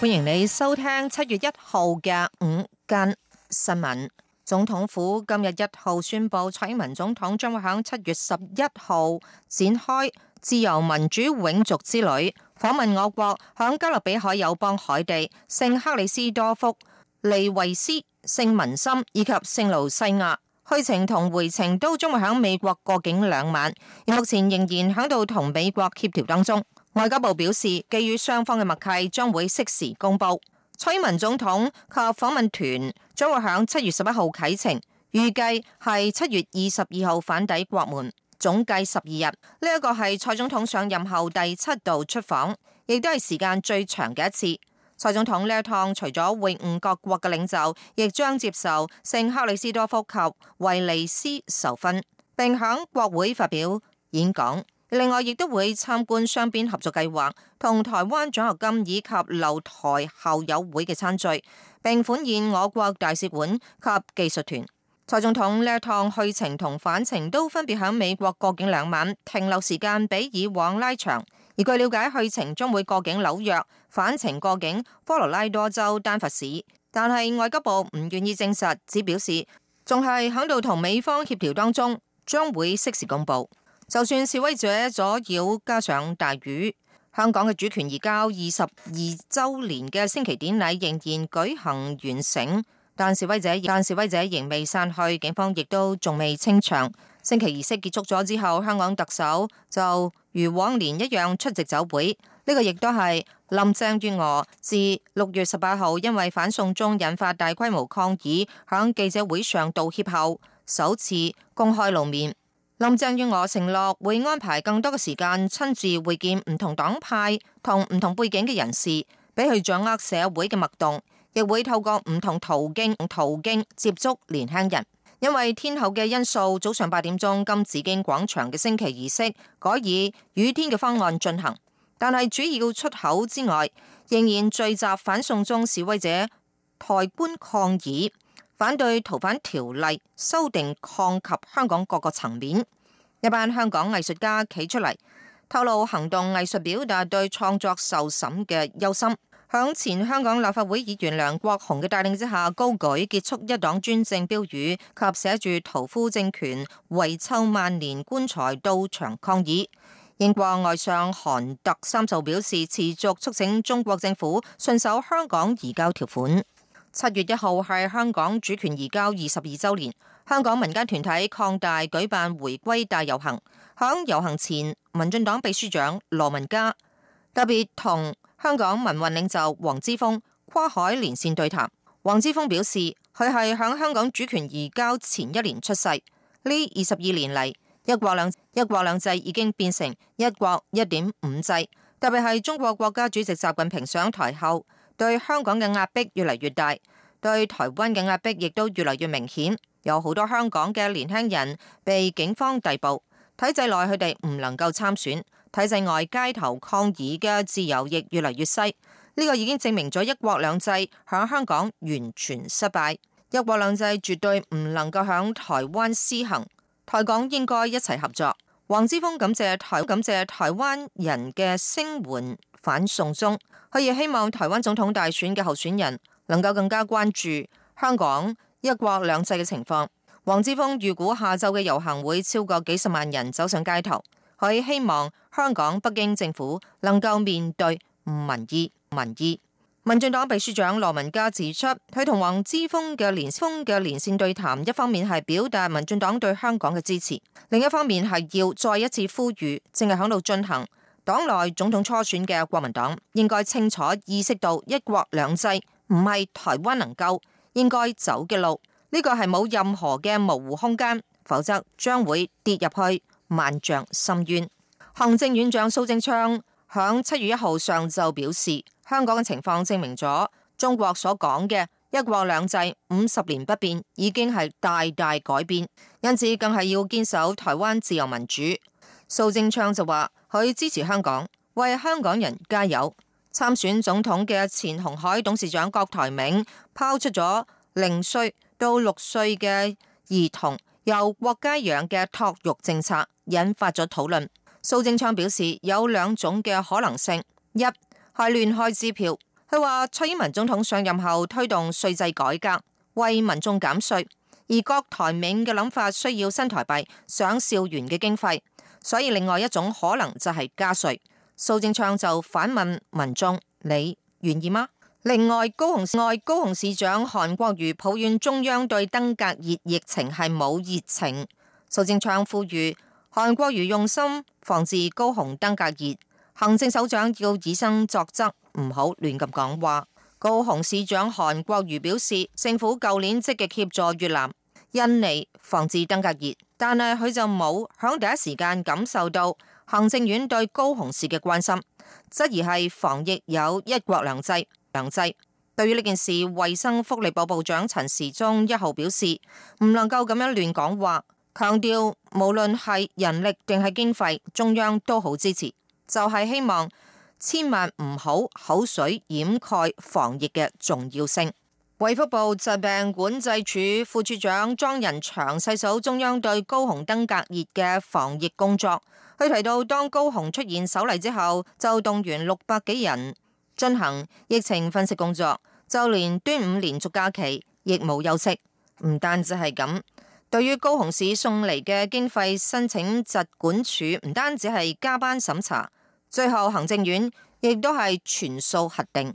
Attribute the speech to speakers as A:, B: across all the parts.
A: 歡迎你收聽七月一號嘅午間新聞。總統府今日一號宣布，蔡英文總統將會喺七月十一號展開自由民主永續之旅，訪問我國響加勒比海友邦海地、聖克里斯多福、利維斯、聖文森以及聖盧西亞。去程同回程都將會喺美國過境兩晚，目前仍然響度同美國協調當中。外交部表示，基於雙方嘅默契，將會適時公佈。蔡英文總統及訪問團將會喺七月十一號啟程，預計係七月二十二號返抵國門，總計十二日。呢一個係蔡總統上任後第七度出訪，亦都係時間最長嘅一次。蔡總統呢一趟除咗會晤各國嘅領袖，亦將接受聖克里斯多福及維利斯授勳，並喺國會發表演講。另外，亦都會參觀雙邊合作計劃、同台灣獎學金以及留台校友會嘅餐聚，並款宴我國大使館及技術團。蔡總統呢一趟去程同返程都分別喺美國過境兩晚，停留時間比以往拉長。而據了解，去程將會過境紐約，返程過境科羅拉多州丹佛市。但係外交部唔願意證實，只表示仲係喺度同美方協調當中，將會適時公佈。就算示威者阻擾，加上大雨，香港嘅主權移交二十二周年嘅升旗典禮仍然舉行完成。但示威者但示威者仍未散去，警方亦都仲未清場。升旗儀式結束咗之後，香港特首就如往年一樣出席酒會。呢個亦都係林鄭月娥自六月十八號因為反送中引發大規模抗議響記者會上道歉後，首次公開露面。林鄭月娥承諾會安排更多嘅時間親自會見唔同黨派同唔同背景嘅人士，俾佢掌握社會嘅脈動，亦會透過唔同途徑途徑接觸年輕人。因為天候嘅因素，早上八點鐘金紫荊廣場嘅升旗儀式改以雨天嘅方案進行，但係主要出口之外，仍然聚集反送中示威者抬棺抗議。反對逃犯條例修訂抗及香港各個層面，一班香港藝術家企出嚟透露行動藝術表達對創作受審嘅憂心。響前香港立法會議員梁國雄嘅帶領之下，高舉結束一黨專政標語及寫住屠夫政權遺臭萬年棺材到場抗議。英國外相韓特三就表示，持續促請中國政府信守香港移交條款。七月一號係香港主權移交二十二周年，香港民間團體擴大舉辦回歸大遊行。響遊行前，民進黨秘書長羅文嘉特別同香港民運領袖黃之鋒跨海連線對談。黃之鋒表示，佢係響香港主權移交前一年出世。呢二十二年嚟，一國兩一國兩制已經變成一國一點五制，特別係中國國家主席習近平上台後。對香港嘅壓迫越嚟越大，對台灣嘅壓迫亦都越嚟越明顯。有好多香港嘅年輕人被警方逮捕，體制內佢哋唔能夠參選，體制外街頭抗議嘅自由亦越嚟越細。呢、這個已經證明咗一國兩制響香港完全失敗，一國兩制絕對唔能夠響台灣施行。台港應該一齊合作。黃之鋒感謝台灣感謝台灣人嘅聲援。反送中，佢亦希望台灣總統大選嘅候選人能夠更加關注香港一國兩制嘅情況。黃之鋒預估下晝嘅遊行會超過幾十萬人走上街頭，佢希望香港北京政府能夠面對民意。民意，民進黨秘書長羅文嘉指出，佢同黃之鋒嘅連峰嘅連線對談，一方面係表達民進黨對香港嘅支持，另一方面係要再一次呼籲，正係響度進行。黨內總統初選嘅國民黨應該清楚意識到一國兩制唔係台灣能夠應該走嘅路，呢個係冇任何嘅模糊空間，否則將會跌入去萬丈深淵。行政院長蘇貞昌響七月一號上晝表示，香港嘅情況證明咗中國所講嘅一國兩制五十年不變已經係大大改變，因此更係要堅守台灣自由民主。蘇貞昌就話，佢支持香港，為香港人加油。參選總統嘅前鴻海董事長郭台銘拋出咗零歲到六歲嘅兒童由國家養嘅托育政策，引發咗討論。蘇貞昌表示有兩種嘅可能性，一係亂開支票。佢話蔡英文總統上任後推動稅制改革，為民眾減稅，而郭台銘嘅諗法需要新台幣上兆元嘅經費。所以另外一種可能就係加稅，蘇貞昌就反問民眾：你願意嗎？另外高雄市外高雄市長韓國瑜抱怨中央對登革熱疫情係冇熱情，蘇貞昌呼籲韓國瑜用心防治高雄登革熱，行政首長要以身作則，唔好亂咁講話。高雄市長韓國瑜表示，政府舊年積極協助越南，印尼防治登革熱，但係佢就冇響第一時間感受到行政院對高雄市嘅關心，質疑係防疫有一國兩制。兩制對於呢件事，衛生福利部部長陳時中一號表示唔能夠咁樣亂講話，強調無論係人力定係經費，中央都好支持，就係希望千萬唔好口水掩蓋防疫嘅重要性。衛福部疾病管制署副署長莊人祥細數中央對高雄登革熱嘅防疫工作，佢提到當高雄出現首例之後，就動員六百幾人進行疫情分析工作，就連端午連續假期亦冇休息。唔單止係咁，對於高雄市送嚟嘅經費申請，疾管署唔單止係加班審查，最後行政院亦都係全數核定。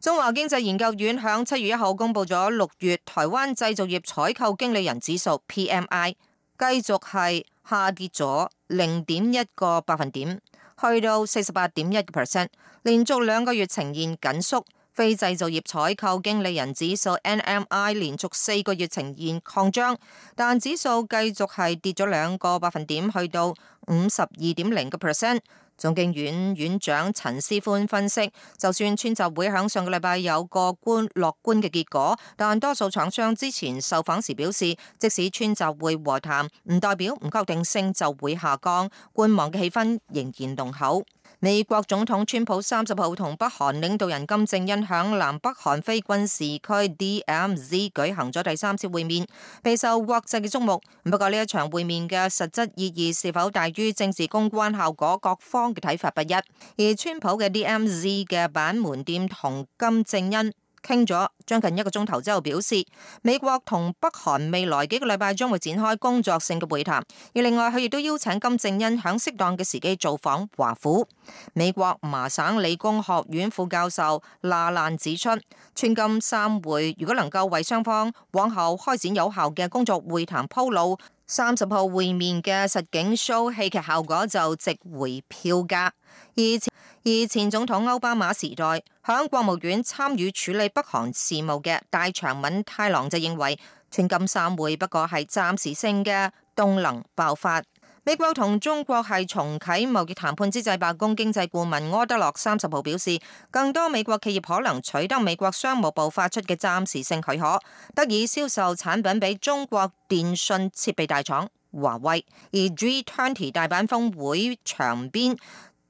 A: 中華經濟研究院喺七月一號公布咗六月台灣製造業採購經理人指數 （PMI），繼續係下跌咗零點一個百分點，去到四十八點一個 percent，連續兩個月呈現緊縮。非製造業採購經理人指數 （NMI） 連續四個月呈現擴張，但指數繼續係跌咗兩個百分點，去到五十二點零個 percent。總經院院長陳思寬分析，就算川習會喺上個禮拜有個觀樂觀嘅結果，但多數廠商之前受訪時表示，即使川習會和談，唔代表唔確定性就會下降，觀望嘅氣氛仍然濃厚。美國總統川普三十號同北韓領導人金正恩響南北韓非軍事區 DMZ 舉行咗第三次會面，備受國際嘅矚目。不過呢一場會面嘅實質意義是否大於政治公關效果，各方嘅睇法不一。而川普嘅 DMZ 嘅板門店同金正恩，傾咗將近一個鐘頭之後，表示美國同北韓未來幾個禮拜將會展開工作性嘅會談。而另外佢亦都邀請金正恩喺適當嘅時機造訪華府。美國麻省理工學院副教授娜蘭指出，川金三會如果能夠為雙方往後開展有效嘅工作會談鋪路，三十號會面嘅實景 show 戲劇效果就值回票價。而而前總統奧巴馬時代，響國務院參與處理北韓事務嘅大長文太郎就認為，川金三會不過係暫時性嘅動能爆發。美國同中國係重啟貿易談判之際，白宮經濟顧問柯德洛三十號表示，更多美國企業可能取得美國商務部發出嘅暫時性許可，得以銷售產品俾中國電信設備大廠華為。而 G20 大阪峰會場邊。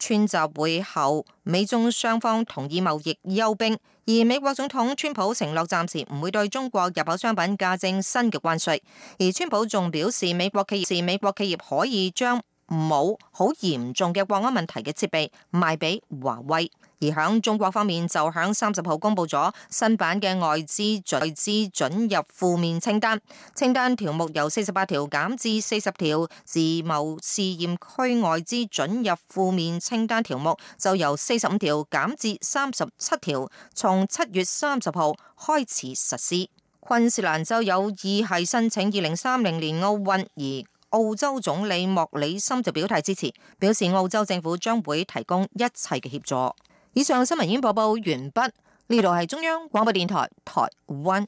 A: 川習會後，美中雙方同意貿易休兵，而美國總統川普承諾暫時唔會對中國入口商品加徵新嘅關稅，而川普仲表示美國企業是美國企業可以將。冇好嚴重嘅國安問題嘅設備賣俾華為。而喺中國方面就喺三十號公布咗新版嘅外資準資准入負面清單，清單條目由四十八條減至四十條，自貿試驗區外資准入負面清單條目就由四十五條減至三十七條，從七月三十號開始實施。昆士蘭就有意係申請二零三零年奧運而。澳洲總理莫里森就表態支持，表示澳洲政府將會提供一切嘅協助。以上新聞已經播報完畢，畢，呢度係中央廣播電台台灣。